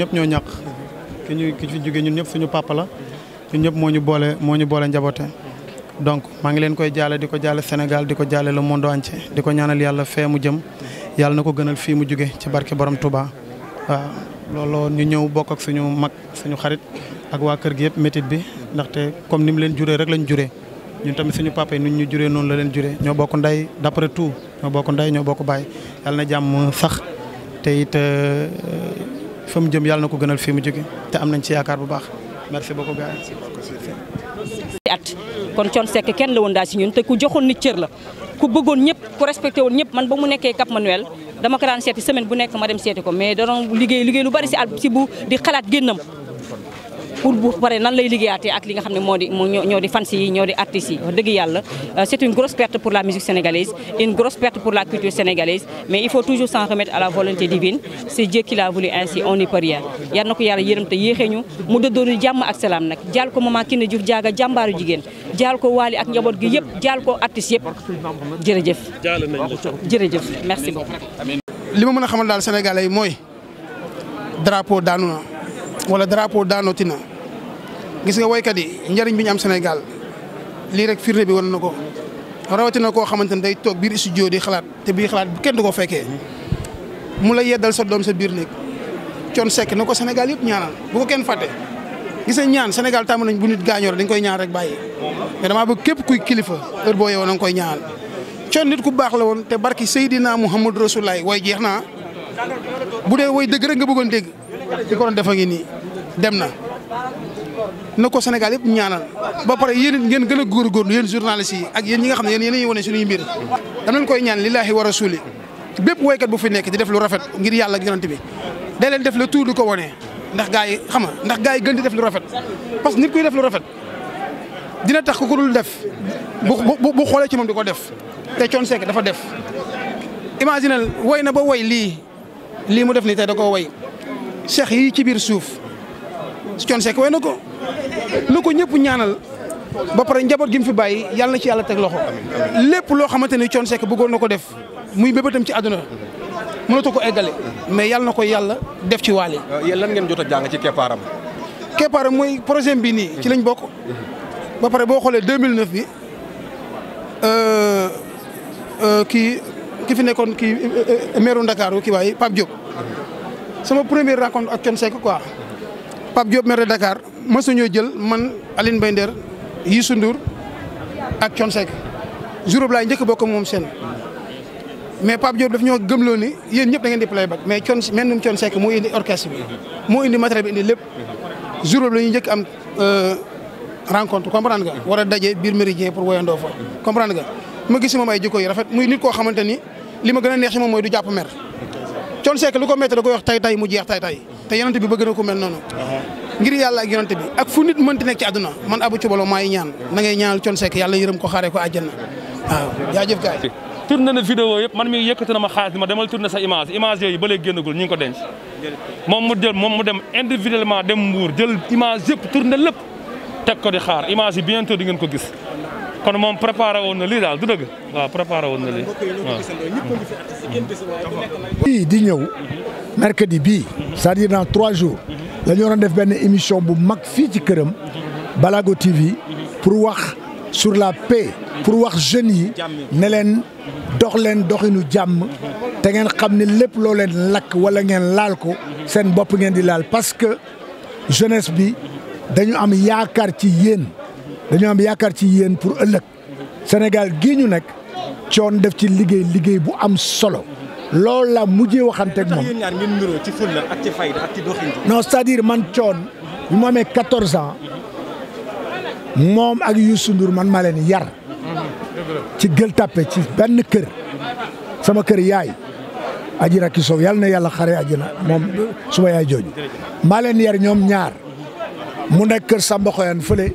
ñëpp ñoo ñàkk ki ñu ki fi ñun ñëpp suñu papa la ñun ñëpp moo ñu boole moo ñu boole njaboote donc maa ngi leen koy jaale di ko jaale Sénégal di ko jaale le monde entier di ko ñaanal yàlla fee mu jëm yàlla na ko gënal fii mu jóge ci barke borom Touba waaw looloo ñu ñëw bokk ak suñu mag suñu xarit ak waa kër gi yëpp métit bi ndaxte comme ni mu leen juree rek lañ juree ñun tamit suñu papa yi ñu juré non la leen juré ño bokk nday d'après tout ño bokk nday ño bokk film yalla na jamm sax te it euh, fa mu jëm yalla nako gënal fi mu jogé te am ci yaakar bu baax merci beaucoup gars at kon on Seck kenn la won da ci ñun te ku joxon nit cër la ku bëggoon ñëpp ku respecté won ñëpp man ba mu nekké Cap Manuel dama ko daan seeti semaine bu nekk ma dem seeti ko mais da ron liggéey liggéey lu bari ci at bu di xalaat gennam pour bu paree nan lay liggéeyaatee ak li nga xam ne moo di fans yi ñoo di artistes yi wax dëgg euh, c'est une grosse perte pour la musique sénégalaise une grosse perte pour la culture sénégalaise mais il faut toujours s'en remettre à la volonté divine c'est Dieu qui l'a voulu ainsi on n'y peut rien yal na ko yàlla yërëm te yéexee ñu mu dëddoonu jàmm ak salaam nag jaal ko maman Kiné Diouf jaaga jàmbaaru jigéen jaal ko wali ak njaboot gi yëpp jaal ko artistes yëpp jërëjëf jërëjëf merci beaucoup li ma mën a xamal daal sénégalais yi drapeau daanu na wala drapeau d'Anotina. gis nga kat yi njëriñ Senegal, lirik am Sénégal li rek firne bi won nako rawati nako xamanteni day tok bir studio di xalat te bi xalat kenn duko fekke mu la yeddal sa dom sa bir nek cion sek nako ko Sénégal yëpp ñaanal bu ko kenn fàtte. gis nga ñaan Sénégal tam nañ bu nit gañor dañ koy ñaan rek baye mais dama bëgg kep kuy kilifa heure bo yow nang koy ñaan cion nit ku bax la won te barki sayidina muhammad Rasulaay way jeexna bu way deug rek nga bëggon dégg ko na ko Sénégal yëpp ñaanal ba pare yéen ngeen gën a góorgóorlu yéen journaliste yi ak yéen ñi nga xam ne yéen yéen a ngi wane suñuy mbir danañ ko ñaan lillahi a rasuli bépp woykat bu fi nekk di def lu rafet ngir yàlla ak yonent bi day leen def le tout di ko wone ndax gaa yi xam nga ndax gaa yi gën di def lu rafet parce que nit kuy def lu rafet dina tax ku ko dul def bu bu xoolee ci moom di ko def te Thione Seck dafa def imaginal woy na ba woy lii lii mu def nii tey da koo woy cheikh yi ci biir suuf Thione Seck woy na ko nu ko ñëpp ñaanal ba pare njaboot gi mu fi bàyyi yàlla na ci yàlla teg loxo lépp loo xamante ni Thione Seck bëggoon na ko def muy bébétam ci àdduna mënatu ko eggale mais yàlla na ko yàlla def ci waale. Euh, yéen lan ngeen jot a jàng ci keppaaram. keppaaram mooy projet bi nii. ci lañ bokk. ba pare boo xoolee 2009 bi euh, euh, kii ki fi nekkoon kii maire Ndakaaru kii waaye Pape Diop. sama première rencontre ak Thione Seck quoi. Pape Diop maire de Dakar mësuñoo jël man Aline Mbaye Nder Youssou Ndour ak Thione Seck juróom laay njëkk bokk moom seen mais Pape Diop daf ñoo gëmloo ni yéen ñëpp da ngeen di playback mais Thione mel num Thione Seck moo indi orchestre moo indi matériel bi indi lépp juróom la ñuy njëkk am euh, rencontre comprendre nga war a daje biir méridien pour woyandoo fa comprendre nga ma gis moom ay jikko rafet muy nit koo xamante ni li ma gën a neex si moom mooy du jàpp mer Thione lu ko métti da koy wax tay tay mu jeex tay tay te yonent bi bëgg na ko mel noonu. Uh-huh. ngir yàlla ak yonent bi ak fu nit mënti nekk ci àdduna man Abou Thioubalo maay ñaan na ngay ñaanal Thione Seck yàlla yërëm ko xaaree ko àjjana waaw jaajëf gaay tourné na vidéo yëpp man mi yëkkati na ma xaalis bi ma demal tourné sa image image yooyu ba léegi génnagul ñu ko denc moom mu jël moom mu dem individuellement dem mbuur jël image yëpp tourné lépp teg ko di xaar image yi bientôt di ngeen ko gis kon mom préparé woon na lii daal du deug wa préparé woon na lii waaw. di ñew mercredi bi c'est-à-dire dans 3 jours la ñu waroon def ben émission bu mag fi ci kërëm Balago TV pour wax sur la paix pour wax jeunes yi ne leen dox leen doxinu jàmm té ngeen xamni lepp lépp loo leen wala ngeen laal ko seen bop ngeen di laal parce que jeunesse bi dañu am yaakar ci yeen dañoo am yaakaar ci yéen pour ëllëg Sénégal gii ñu nekk coon def ci liggéey liggéey bu am solo lool la mujje waxante ak moom. yéen ñaar ngeen man coon bi ma amee moom ak Youssou Ndour man ma leen yar ci Gueule Tapée ci benn kër sama kër yaay. aji rakki sow yàlla na yàlla xare ajina moom suma yaay jooju maa leen yar ñoom ñaar mu nekk kër Samba Xoyaan fële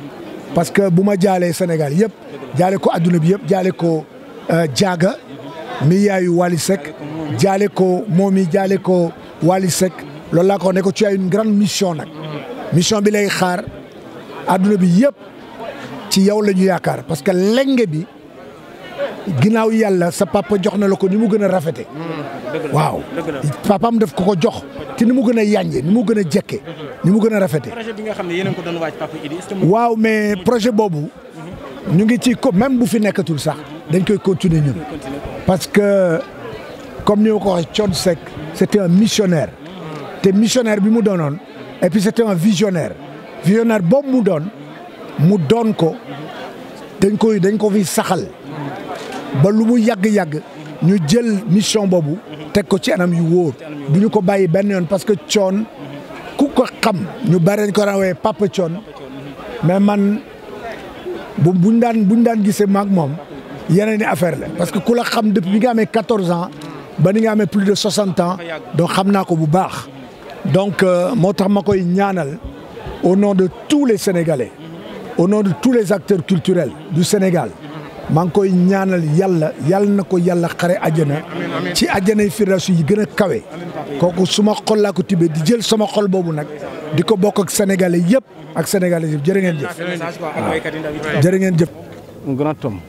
parce que bu ma jaalee Sénégal yëpp jaale ko adduna bi yëpp jaale ko jaaga euh, mi yaayu Wally jaale ko moom mi jaale ko Wally Seck loolu laa ko wax ne ko tu as grande mission nag mission bi lay xaar adduna bi yëpp ci yow la ñu yaakaar parce que lenge bi ginnaaw yàlla sa papa jox na la ko ni mu gën a rafete mm, waaw am daf ko ko jox ci ni mu gën a ni mu gën a jekke ni mu gën a rafete projet bi nga xam ne yéen a ko doon waaj papa Idi waaw mais projet boobu mhm. ñu ngi ci même bu fi nekkatul sax dañ koy continuer ñun parce que comme ni ma ko waxee Seck c'était un missionnaire mm. te missionnaire bi mu doonoon et puis c'était un visionnaire visionnaire boobu mu doon mu doon ko mhm. dañ koy dañ ko fi saxal mm ba lu mu ñu mission de tek ko ci anam yu wóor Nous ko parce que nous ku ko xam ñu bari ko mais man bu buñ daan buñ daan gisee mak y yeneeni affaire la parce que xam depuis nga amé 14 ans ba ni nga plus de 60 ans donc xamna ko bu donc euh, motax makoy au nom de tous les Sénégalais au nom de tous les acteurs culturels du Sénégal maa ngi koy ñaanal yàlla yàlla na ko yàlla xare àjjana ci àjjanay firdawsi yi gën a kawe kooku suma xol laa ko tibbee di jël sama xol boobu nag di ko bokk ak sénégalais yëpp ak sénégalais yëpp jërë ngeen jëf waaw jërë ngeen jëf un grand homme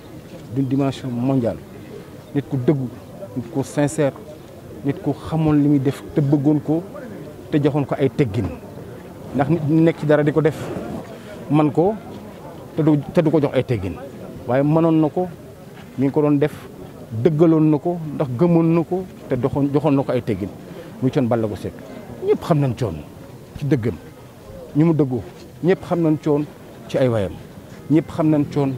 dimension mondiale nit ku dëggu nit ku sincère nit ku xamoon li muy def te bëggoon ko te joxoon ko ay teggin ndax nit nekk ci dara di ko def man ko te du te du ko jox ay teggin waaye mënoon na ko mi ngi ko doon def dëggaloon na ko ndax gëmoon na ko te doxoon joxoon na ko ay teggin muy Thione Ballago Seck ñëpp xam nañ Thione ci dëggam ñu mu dëggoo ñëpp xam nañ Thione ci ay wayam ñëpp xam nañ Thione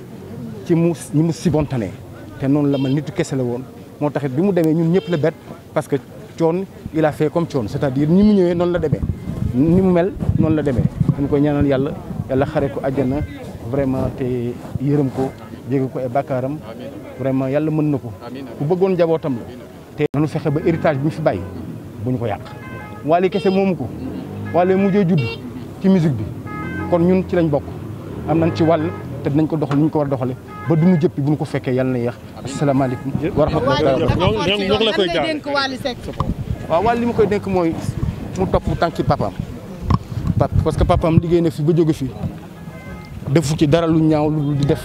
ci mu ñi mu sibontané te noonu la ma nitu kese la woon moo taxit bi mu demee ñun ñëpp la bett parce que coon il a fait comme Thione c'est-à-dire ni mu ñëwee noonu la demee ni mu mel noonu la demee dañ koy ñaanal yàlla yàlla xare ko àjjana vraiment te yërëm ko jéggal ko ay bàkkaaram vraiment yàlla mën na ko ku bëggoon njabootam la te nanu fexe ba héritage bi ñu fi bay bu ñu ko yàq waale kese moomu ko waale mujjee judd ci musique bi kon ñun ci lañ bokk am nañ ci wàll te dinañ ko doxal ni ñu ko war a doxale ba duñu jëppi bu ñu ko fekkee yàlla na yéex asalaamaaleykum wa rahmatullahi waaw wàll li ma koy dénk mooy mu topp tànki papaam pap parce que papam liggéey na fi ba jóge fi defu ci dara lu ñaaw lu di def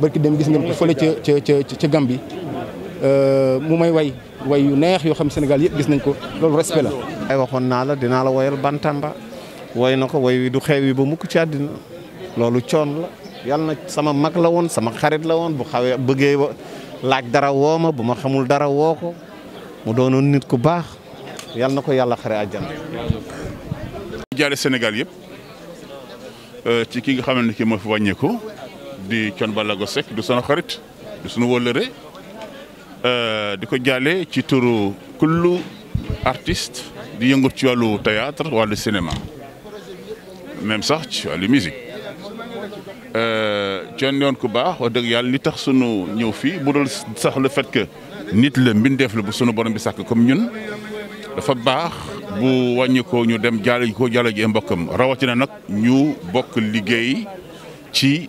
barki dem gis ngeen ko fële ca ca ca ca Gambie euh, mu may way way neex yoo xam Sénégal yëpp gis nañ ko loolu respect la. ay waxoon naa la dinaa la woyal Bantamba woy na ko woy wi du xew ba mukk ci àddina loolu coon la yàlla na sama mag la woon sama xarit la woon bu xawee bëggee laaj dara woo ma bu ma xamul dara woo ko mu doonoon nit ku baax yàlla na ko yàlla xare àjjana. jaale Sénégal yëpp euh, ci ki nga xamante ne kii moo fi wàññeeku. di Thione Ballago Seck du sunu xarit du sunu wóllëre euh, di ko jàllee ci turu kullu artiste di yëngu ci wàllu théâtre wàllu cinéma même sax ci wàllu musique euh, Thione yoon ku baax wax dëgg yàlla li tax sunu ñëw fii bu dul sax la fait nit la mbindeef la bu sunu borom bi sàkk comme ñun dafa baax bu wàññi ñu dem jàll ko jàll ji mbokkam rawatina nag ñu bokk liggéey ci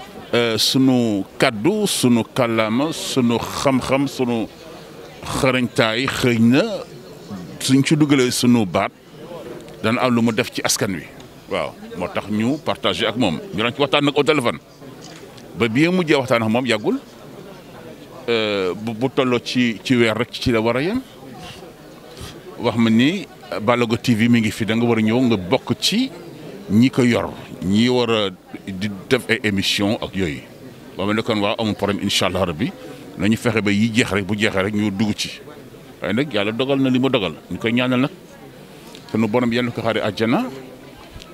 Euh, sunu kàddu sunu kàllaama sunu xamxam xam sunu xarañtaay xëy na suñ ci dugalee sunu baat dana am lu mu def ci askan wi waaw moo tax ñu partagé ak moom ñu doon ci waxtaan nag au ba bi nga mujjee ak moom yàggul euh, bu bu tolloo ci ci weer rek ci la war a yem wax ma ni Balago TV mi ngi fi da nga war a ñëw nga bokk ci ñi ko yor ñi war def ay émission ak yooyu ba mu nekkoon waaw amul problème incha allah rabbi nañu fexe ba yi jeex rek bu jeexee rek ñu dugg ci waaye nag yàlla dogal na li ma dogal ñu koy ñaanal nag sunu borom yal na ko xaaree àjjana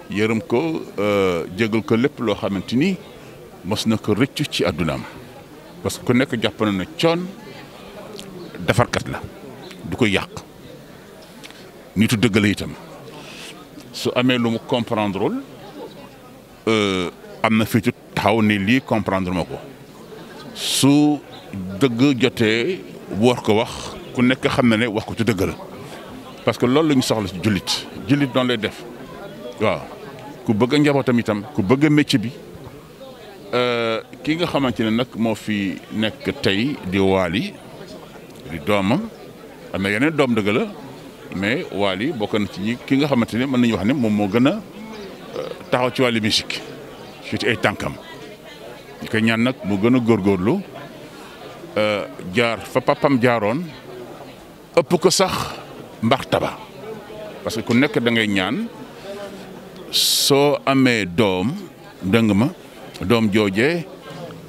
yërëm ko euh, jégal ko lépp loo xamante ni mos na ko rëccu ci am parce que ku nekk jàpp na coon defarkat la du koy yàq nitu dëgg la itam su amee lu mu comprendrewul euh, am na fitu taxaw ni lii comprendre ma ko su dëgg jotee war ko wax ku nekk xam na ne wax ko ci dëgg la parce que loolu lañu ñu soxla ci jullit jullit doon lay def waaw ku bëgg a njabootam itam ku bëgg a métier bi euh, ki nga xamante ne nag moo fi nekk tey di waali di doomam am na yeneen doom dëgg la mais waali bokk na ci ñi ki nga xamante ne mën nañu wax ne moom moo gën a euh, taxaw ci wàllu musique ci ay tànkam ñu nag mu gën a góorgóorlu euh, jaar fa papam jaaroon ëpp ko sax mbaxta taba parce que ku nekk da ñaan soo amee doom dëng ma doom joojee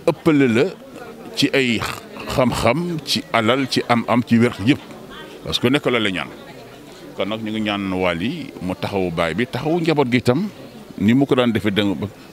ëppale la ci ay xam-xam ci alal ci am-am ci wér yëpp parce que ku nekk la la ñaan kon nag ñu ngi ñaan yi mu taxawu baay bi taxawu njaboot gi itam ni mu ko daan defee dëng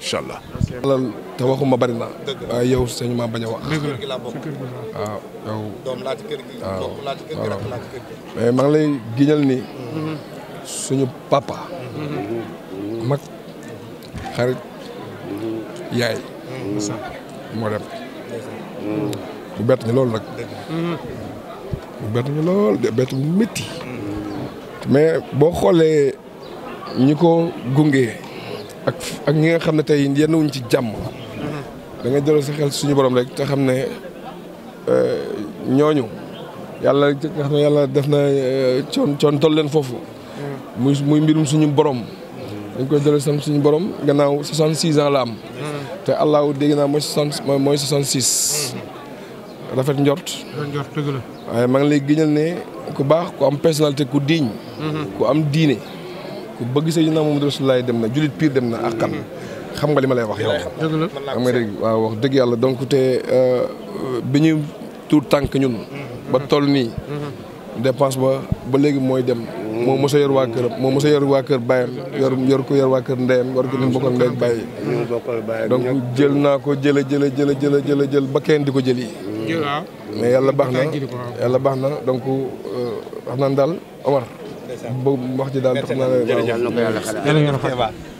incha allah. te waxuma bari na. waaye yow ma bañ a wax. waaw ah, yow. Ah, mais maa lay giñal ni. Mm-hmm. suñu papa. Mm-hmm. mag xarit yaay. moo dem. bu bett ñu loolu nag. bu bett ñu lool mm-hmm. bett ñu métti. mais boo xoolee ñi ko gungee. ak ak ñi nga xam ne tey yenn wuñ ci jàmm. Mm-hmm. da ngay delloo sa xel suñu borom rek te xam ne euh, ñooñu yàlla nga xam ne yàlla def na euh, coon coon toll leen foofu. Mm-hmm. muy mbirum suñu borom. dañ koy delloo sam suñu borom gannaaw 66 ans la am. Mm-hmm. te allahu dégg naa mooy 60 mooy 66. rafet njort. rafet njort waaye maa lay gëñal ne ku baax ku am personnalité ku digne. ku am diine. ku bëgg Seydina Muhammad Rasulullaah dem na julit piir dem na ak kan xam nga li ma lay wax yow xam nga dégg waaw wax dëgg yàlla donc te euh, bi ñu tuur tànk ñun ba toll nii dépense ba ba léegi mooy dem moo mos yor waa kër moo mos a yor waa kër bàyyam yor yor ko yor waa kër ndeyam yor ko ñu bokkal ndey bàyyi donc jël naa ko jële jële jële jële jële jël ba kenn di ko jël yi mais yàlla baax na yàlla baax na donc euh, wax naan daal Omar wax ji daal tax na waaw